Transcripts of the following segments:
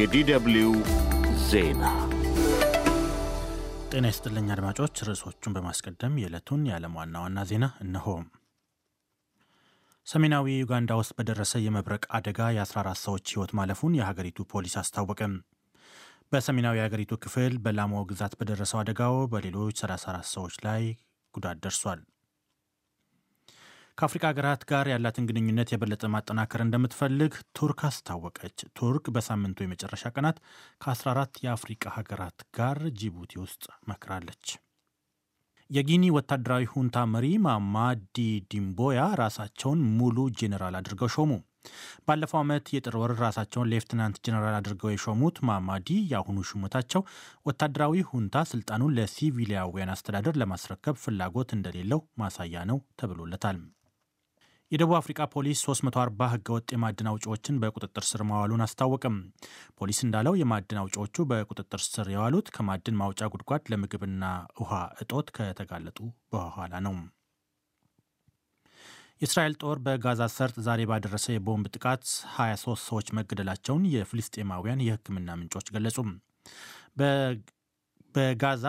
የዲደብሊው ዜና ጤና ይስጥልኝ አድማጮች። ርዕሶቹን በማስቀደም የዕለቱን የዓለም ዋና ዋና ዜና እነሆ። ሰሜናዊ ዩጋንዳ ውስጥ በደረሰ የመብረቅ አደጋ የ14 ሰዎች ሕይወት ማለፉን የሀገሪቱ ፖሊስ አስታወቀም። በሰሜናዊ የሀገሪቱ ክፍል በላሞ ግዛት በደረሰው አደጋው በሌሎች 34 ሰዎች ላይ ጉዳት ደርሷል። ከአፍሪካ ሀገራት ጋር ያላትን ግንኙነት የበለጠ ማጠናከር እንደምትፈልግ ቱርክ አስታወቀች። ቱርክ በሳምንቱ የመጨረሻ ቀናት ከ14 የአፍሪካ ሀገራት ጋር ጅቡቲ ውስጥ መክራለች። የጊኒ ወታደራዊ ሁንታ መሪ ማማዲ ዲምቦያ ራሳቸውን ሙሉ ጄኔራል አድርገው ሾሙ። ባለፈው ዓመት የጥር ወር ራሳቸውን ሌፍትናንት ጀነራል አድርገው የሾሙት ማማዲ የአሁኑ ሹመታቸው ወታደራዊ ሁንታ ስልጣኑን ለሲቪሊያውያን አስተዳደር ለማስረከብ ፍላጎት እንደሌለው ማሳያ ነው ተብሎለታል። የደቡብ አፍሪካ ፖሊስ 340 ህገወጥ የማዕድን አውጪዎችን በቁጥጥር ስር ማዋሉን አስታወቅም። ፖሊስ እንዳለው የማዕድን አውጪዎቹ በቁጥጥር ስር የዋሉት ከማዕድን ማውጫ ጉድጓድ ለምግብና ውሃ እጦት ከተጋለጡ በኋላ ነው። የእስራኤል ጦር በጋዛ ሰርጥ ዛሬ ባደረሰ የቦምብ ጥቃት 23 ሰዎች መገደላቸውን የፍልስጤማውያን የህክምና ምንጮች ገለጹ። በጋዛ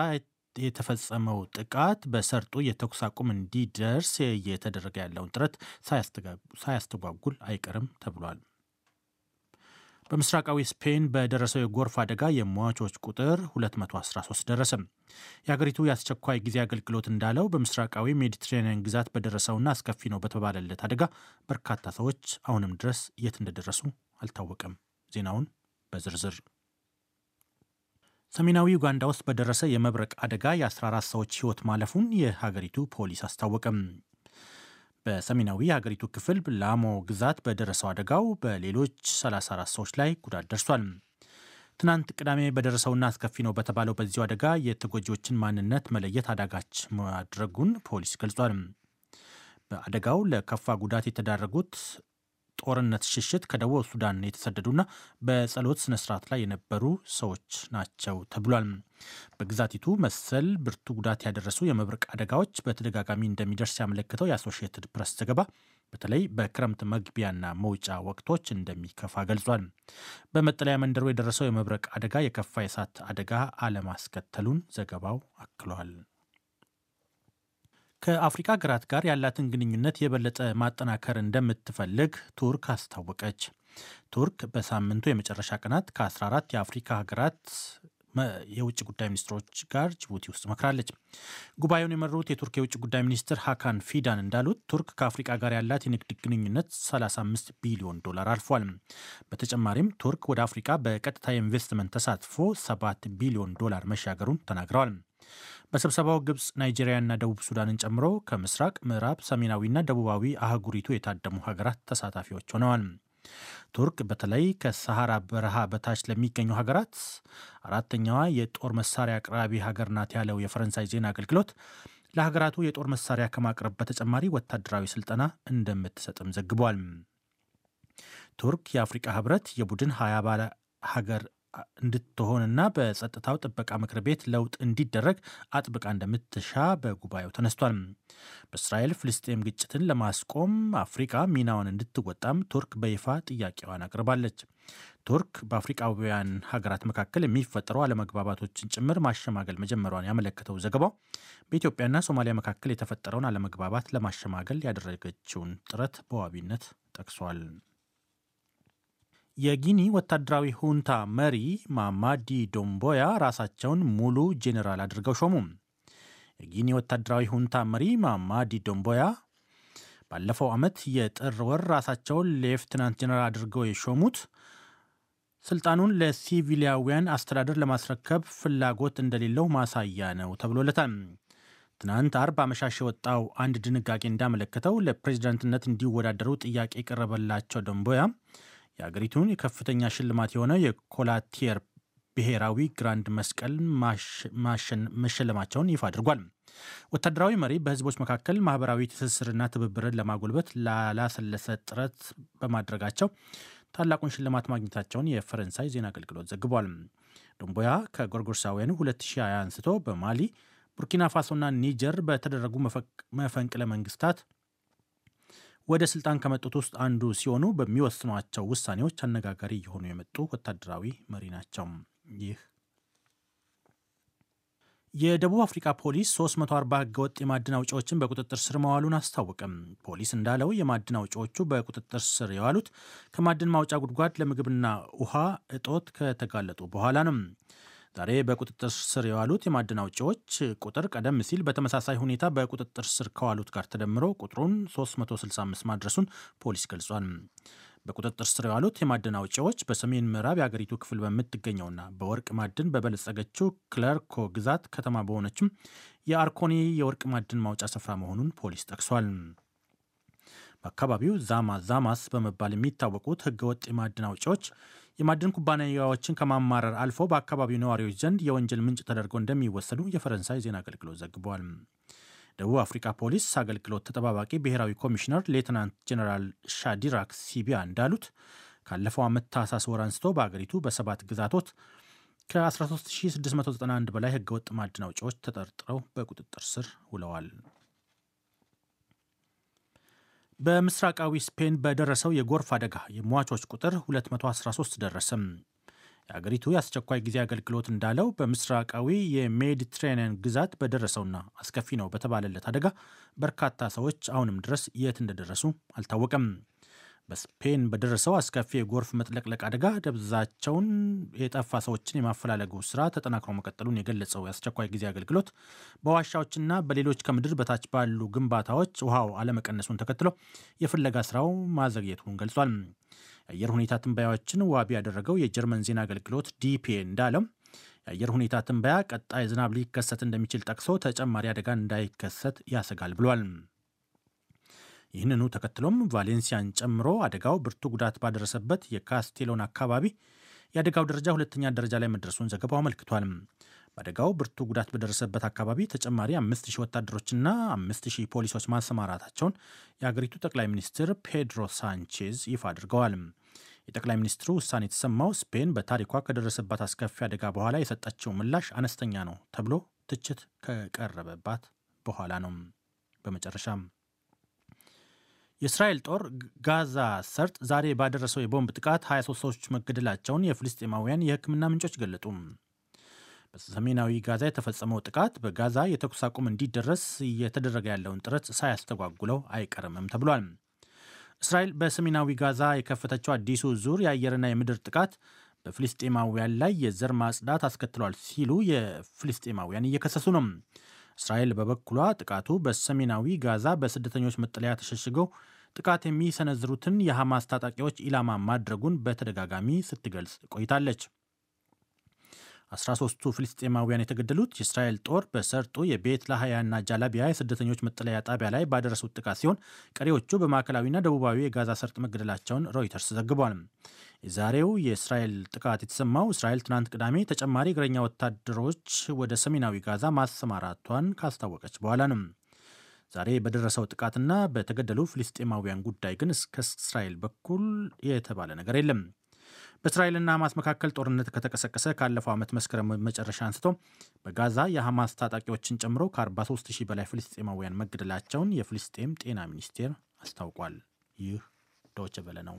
የተፈጸመው ጥቃት በሰርጡ የተኩስ አቁም እንዲደርስ እየተደረገ ያለውን ጥረት ሳያስተጓጉል አይቀርም ተብሏል። በምስራቃዊ ስፔን በደረሰው የጎርፍ አደጋ የሟቾች ቁጥር 213 ደረሰ። የሀገሪቱ የአስቸኳይ ጊዜ አገልግሎት እንዳለው በምስራቃዊ ሜዲትሬኒያን ግዛት በደረሰውና አስከፊ ነው በተባለለት አደጋ በርካታ ሰዎች አሁንም ድረስ የት እንደደረሱ አልታወቀም። ዜናውን በዝርዝር ሰሜናዊ ዩጋንዳ ውስጥ በደረሰ የመብረቅ አደጋ የ14 ሰዎች ሕይወት ማለፉን የሀገሪቱ ፖሊስ አስታወቀም። በሰሜናዊ የሀገሪቱ ክፍል ላሞ ግዛት በደረሰው አደጋው በሌሎች 34 ሰዎች ላይ ጉዳት ደርሷል። ትናንት ቅዳሜ በደረሰውና አስከፊ ነው በተባለው በዚሁ አደጋ የተጎጂዎችን ማንነት መለየት አዳጋች ማድረጉን ፖሊስ ገልጿል። በአደጋው ለከፋ ጉዳት የተዳረጉት ጦርነት ሽሽት ከደቡብ ሱዳን የተሰደዱና በጸሎት ስነስርዓት ላይ የነበሩ ሰዎች ናቸው ተብሏል። በግዛቲቱ መሰል ብርቱ ጉዳት ያደረሱ የመብረቅ አደጋዎች በተደጋጋሚ እንደሚደርስ ያመለክተው የአሶሺየትድ ፕሬስ ዘገባ በተለይ በክረምት መግቢያና መውጫ ወቅቶች እንደሚከፋ ገልጿል። በመጠለያ መንደሩ የደረሰው የመብረቅ አደጋ የከፋ የእሳት አደጋ አለማስከተሉን ዘገባው አክሏል። ከአፍሪካ ሀገራት ጋር ያላትን ግንኙነት የበለጠ ማጠናከር እንደምትፈልግ ቱርክ አስታወቀች። ቱርክ በሳምንቱ የመጨረሻ ቀናት ከ14 የአፍሪካ ሀገራት የውጭ ጉዳይ ሚኒስትሮች ጋር ጅቡቲ ውስጥ መክራለች። ጉባኤውን የመሩት የቱርክ የውጭ ጉዳይ ሚኒስትር ሀካን ፊዳን እንዳሉት ቱርክ ከአፍሪቃ ጋር ያላት የንግድ ግንኙነት 35 ቢሊዮን ዶላር አልፏል። በተጨማሪም ቱርክ ወደ አፍሪቃ በቀጥታ የኢንቨስትመንት ተሳትፎ 7 ቢሊዮን ዶላር መሻገሩን ተናግረዋል። በስብሰባው ግብፅ፣ ናይጄሪያና ደቡብ ሱዳንን ጨምሮ ከምስራቅ ምዕራብ፣ ሰሜናዊና ደቡባዊ አህጉሪቱ የታደሙ ሀገራት ተሳታፊዎች ሆነዋል። ቱርክ በተለይ ከሰሃራ በረሃ በታች ለሚገኙ ሀገራት አራተኛዋ የጦር መሳሪያ አቅራቢ ሀገር ናት ያለው የፈረንሳይ ዜና አገልግሎት ለሀገራቱ የጦር መሳሪያ ከማቅረብ በተጨማሪ ወታደራዊ ስልጠና እንደምትሰጥም ዘግቧል። ቱርክ የአፍሪቃ ህብረት የቡድን ሀያ ባለ ሀገር እንድትሆንና በጸጥታው ጥበቃ ምክር ቤት ለውጥ እንዲደረግ አጥብቃ እንደምትሻ በጉባኤው ተነስቷል። በእስራኤል ፍልስጤም ግጭትን ለማስቆም አፍሪካ ሚናዋን እንድትወጣም ቱርክ በይፋ ጥያቄዋን አቅርባለች። ቱርክ በአፍሪቃውያን ሀገራት መካከል የሚፈጠሩ አለመግባባቶችን ጭምር ማሸማገል መጀመሯን ያመለከተው ዘገባው በኢትዮጵያና ሶማሊያ መካከል የተፈጠረውን አለመግባባት ለማሸማገል ያደረገችውን ጥረት በዋቢነት ጠቅሷል። የጊኒ ወታደራዊ ሁንታ መሪ ማማዲ ዶምቦያ ራሳቸውን ሙሉ ጄኔራል አድርገው ሾሙ። የጊኒ ወታደራዊ ሁንታ መሪ ማማዲ ዶምቦያ ባለፈው ዓመት የጥር ወር ራሳቸውን ሌፍትናንት ጄኔራል አድርገው የሾሙት ስልጣኑን ለሲቪሊያውያን አስተዳደር ለማስረከብ ፍላጎት እንደሌለው ማሳያ ነው ተብሎለታል። ትናንት አርብ አመሻሽ የወጣው አንድ ድንጋጌ እንዳመለከተው ለፕሬዚዳንትነት እንዲወዳደሩ ጥያቄ የቀረበላቸው ዶምቦያ የአገሪቱን የከፍተኛ ሽልማት የሆነ የኮላቲየር ብሔራዊ ግራንድ መስቀል መሸለማቸውን ይፋ አድርጓል። ወታደራዊ መሪ በህዝቦች መካከል ማህበራዊ ትስስርና ትብብርን ለማጎልበት ላላሰለሰ ጥረት በማድረጋቸው ታላቁን ሽልማት ማግኘታቸውን የፈረንሳይ ዜና አገልግሎት ዘግቧል። ዶምቦያ ከጎርጎርሳውያኑ 2020 አንስቶ በማሊ ቡርኪና ፋሶና ኒጀር በተደረጉ መፈንቅለ መንግስታት ወደ ስልጣን ከመጡት ውስጥ አንዱ ሲሆኑ በሚወስኗቸው ውሳኔዎች አነጋጋሪ እየሆኑ የመጡ ወታደራዊ መሪ ናቸው። ይህ የደቡብ አፍሪካ ፖሊስ 340 ህገወጥ የማዕድን አውጪዎችን በቁጥጥር ስር መዋሉን አስታወቅም። ፖሊስ እንዳለው የማዕድን አውጪዎቹ በቁጥጥር ስር የዋሉት ከማዕድን ማውጫ ጉድጓድ ለምግብና ውሃ እጦት ከተጋለጡ በኋላ ነው። ዛሬ በቁጥጥር ስር የዋሉት የማዕድን አውጪዎች ቁጥር ቀደም ሲል በተመሳሳይ ሁኔታ በቁጥጥር ስር ከዋሉት ጋር ተደምሮ ቁጥሩን 365 ማድረሱን ፖሊስ ገልጿል። በቁጥጥር ስር የዋሉት የማዕድን አውጪዎች በሰሜን ምዕራብ የአገሪቱ ክፍል በምትገኘውና በወርቅ ማዕድን በበለጸገችው ክለርኮ ግዛት ከተማ በሆነችም የአርኮኒ የወርቅ ማዕድን ማውጫ ስፍራ መሆኑን ፖሊስ ጠቅሷል። በአካባቢው ዛማ ዛማስ በመባል የሚታወቁት ህገወጥ የማዕድን አውጪዎች የማዕድን ኩባንያዎችን ከማማረር አልፎ በአካባቢው ነዋሪዎች ዘንድ የወንጀል ምንጭ ተደርገው እንደሚወሰዱ የፈረንሳይ ዜና አገልግሎት ዘግቧል። ደቡብ አፍሪካ ፖሊስ አገልግሎት ተጠባባቂ ብሔራዊ ኮሚሽነር ሌትናንት ጀነራል ሻዲራክ ሲቢያ እንዳሉት ካለፈው ዓመት ታህሳስ ወር አንስቶ በአገሪቱ በሰባት ግዛቶች ከ13691 በላይ ህገወጥ ማዕድን አውጪዎች ተጠርጥረው በቁጥጥር ስር ውለዋል። በምስራቃዊ ስፔን በደረሰው የጎርፍ አደጋ የሟቾች ቁጥር 213 ደረሰም። የአገሪቱ የአስቸኳይ ጊዜ አገልግሎት እንዳለው በምስራቃዊ የሜዲትሬኒያን ግዛት በደረሰውና አስከፊ ነው በተባለለት አደጋ በርካታ ሰዎች አሁንም ድረስ የት እንደደረሱ አልታወቀም። በስፔን በደረሰው አስከፊ የጎርፍ መጥለቅለቅ አደጋ ደብዛቸውን የጠፋ ሰዎችን የማፈላለጉ ስራ ተጠናክሮ መቀጠሉን የገለጸው የአስቸኳይ ጊዜ አገልግሎት በዋሻዎችና በሌሎች ከምድር በታች ባሉ ግንባታዎች ውሃው አለመቀነሱን ተከትሎ የፍለጋ ስራው ማዘግየቱን ገልጿል። የአየር ሁኔታ ትንበያዎችን ዋቢ ያደረገው የጀርመን ዜና አገልግሎት ዲፒኤ እንዳለው የአየር ሁኔታ ትንበያ ቀጣይ ዝናብ ሊከሰት እንደሚችል ጠቅሶ ተጨማሪ አደጋ እንዳይከሰት ያሰጋል ብሏል። ይህንኑ ተከትሎም ቫሌንሲያን ጨምሮ አደጋው ብርቱ ጉዳት ባደረሰበት የካስቴሎን አካባቢ የአደጋው ደረጃ ሁለተኛ ደረጃ ላይ መድረሱን ዘገባው አመልክቷል። በአደጋው ብርቱ ጉዳት በደረሰበት አካባቢ ተጨማሪ አምስት ሺህ ወታደሮችና አምስት ሺህ ፖሊሶች ማሰማራታቸውን የአገሪቱ ጠቅላይ ሚኒስትር ፔድሮ ሳንቼዝ ይፋ አድርገዋል። የጠቅላይ ሚኒስትሩ ውሳኔ የተሰማው ስፔን በታሪኳ ከደረሰባት አስከፊ አደጋ በኋላ የሰጠችው ምላሽ አነስተኛ ነው ተብሎ ትችት ከቀረበባት በኋላ ነው። በመጨረሻም የእስራኤል ጦር ጋዛ ሰርጥ ዛሬ ባደረሰው የቦምብ ጥቃት 23 ሰዎች መገደላቸውን የፍልስጤማውያን የሕክምና ምንጮች ገለጡ። በሰሜናዊ ጋዛ የተፈጸመው ጥቃት በጋዛ የተኩስ አቁም እንዲደረስ እየተደረገ ያለውን ጥረት ሳያስተጓጉለው አይቀርምም ተብሏል። እስራኤል በሰሜናዊ ጋዛ የከፈተችው አዲሱ ዙር የአየርና የምድር ጥቃት በፍልስጤማውያን ላይ የዘር ማጽዳት አስከትሏል ሲሉ የፍልስጤማውያን እየከሰሱ ነው። እስራኤል በበኩሏ ጥቃቱ በሰሜናዊ ጋዛ በስደተኞች መጠለያ ተሸሽገው ጥቃት የሚሰነዝሩትን የሐማስ ታጣቂዎች ኢላማ ማድረጉን በተደጋጋሚ ስትገልጽ ቆይታለች። 13ቱ ፍልስጤማውያን የተገደሉት የእስራኤል ጦር በሰርጡ የቤት ላህያና ጃላቢያ የስደተኞች መጠለያ ጣቢያ ላይ ባደረሱት ጥቃት ሲሆን ቀሪዎቹ በማዕከላዊና ደቡባዊ የጋዛ ሰርጥ መገደላቸውን ሮይተርስ ዘግቧል። የዛሬው የእስራኤል ጥቃት የተሰማው እስራኤል ትናንት ቅዳሜ ተጨማሪ እግረኛ ወታደሮች ወደ ሰሜናዊ ጋዛ ማሰማራቷን ካስታወቀች በኋላ ነው። ዛሬ በደረሰው ጥቃትና በተገደሉ ፍልስጤማውያን ጉዳይ ግን እስከ እስራኤል በኩል የተባለ ነገር የለም። በእስራኤልና ሐማስ መካከል ጦርነት ከተቀሰቀሰ ካለፈው ዓመት መስከረም መጨረሻ አንስቶ በጋዛ የሐማስ ታጣቂዎችን ጨምሮ ከ43 ሺህ በላይ ፍልስጤማውያን መገደላቸውን የፍልስጤም ጤና ሚኒስቴር አስታውቋል። ይህ ዶይቼ ቬለ ነው።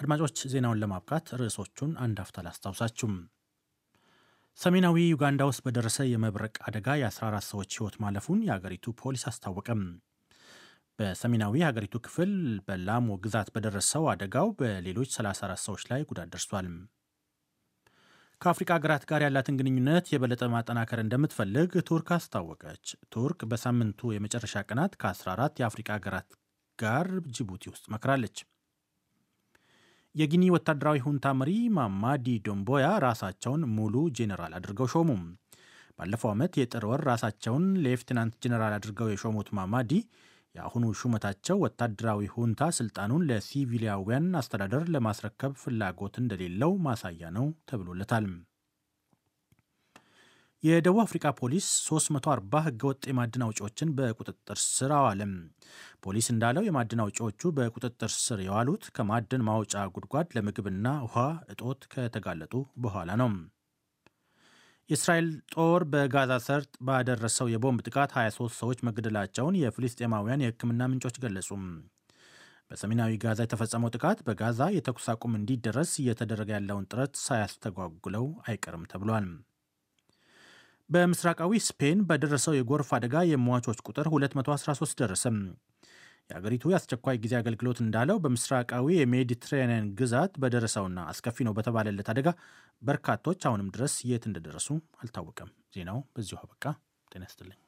አድማጮች ዜናውን ለማብቃት ርዕሶቹን አንድ አፍታ ላስታውሳችሁም። ሰሜናዊ ዩጋንዳ ውስጥ በደረሰ የመብረቅ አደጋ የ14 ሰዎች ሕይወት ማለፉን የአገሪቱ ፖሊስ አስታወቀም። በሰሜናዊ የሀገሪቱ ክፍል በላሞ ግዛት በደረሰው አደጋው በሌሎች 34 ሰዎች ላይ ጉዳት ደርሷል። ከአፍሪካ ሀገራት ጋር ያላትን ግንኙነት የበለጠ ማጠናከር እንደምትፈልግ ቱርክ አስታወቀች። ቱርክ በሳምንቱ የመጨረሻ ቀናት ከ14 የአፍሪካ ሀገራት ጋር ጅቡቲ ውስጥ መክራለች። የጊኒ ወታደራዊ ሁንታ መሪ ማማዲ ዶምቦያ ራሳቸውን ሙሉ ጄኔራል አድርገው ሾሙ። ባለፈው ዓመት የጥር ወር ራሳቸውን ሌፍትናንት ጄኔራል አድርገው የሾሙት ማማዲ የአሁኑ ሹመታቸው ወታደራዊ ሁንታ ስልጣኑን ለሲቪሊያውያን አስተዳደር ለማስረከብ ፍላጎት እንደሌለው ማሳያ ነው ተብሎለታል። የደቡብ አፍሪካ ፖሊስ 340 ህገወጥ የማድን አውጪዎችን በቁጥጥር ስር አዋለም። ፖሊስ እንዳለው የማድን አውጪዎቹ በቁጥጥር ስር የዋሉት ከማድን ማውጫ ጉድጓድ ለምግብና ውሃ እጦት ከተጋለጡ በኋላ ነው። የእስራኤል ጦር በጋዛ ሰርጥ ባደረሰው የቦምብ ጥቃት 23 ሰዎች መገደላቸውን የፍልስጤማውያን የሕክምና ምንጮች ገለጹ። በሰሜናዊ ጋዛ የተፈጸመው ጥቃት በጋዛ የተኩስ አቁም እንዲደረስ እየተደረገ ያለውን ጥረት ሳያስተጓጉለው አይቀርም ተብሏል። በምስራቃዊ ስፔን በደረሰው የጎርፍ አደጋ የሟቾች ቁጥር 213 ደረሰም። የአገሪቱ የአስቸኳይ ጊዜ አገልግሎት እንዳለው በምስራቃዊ የሜዲትሬኒያን ግዛት በደረሰውና አስከፊ ነው በተባለለት አደጋ በርካቶች አሁንም ድረስ የት እንደደረሱ አልታወቀም። ዜናው በዚሁ አበቃ። ጤና ይስጥልኝ።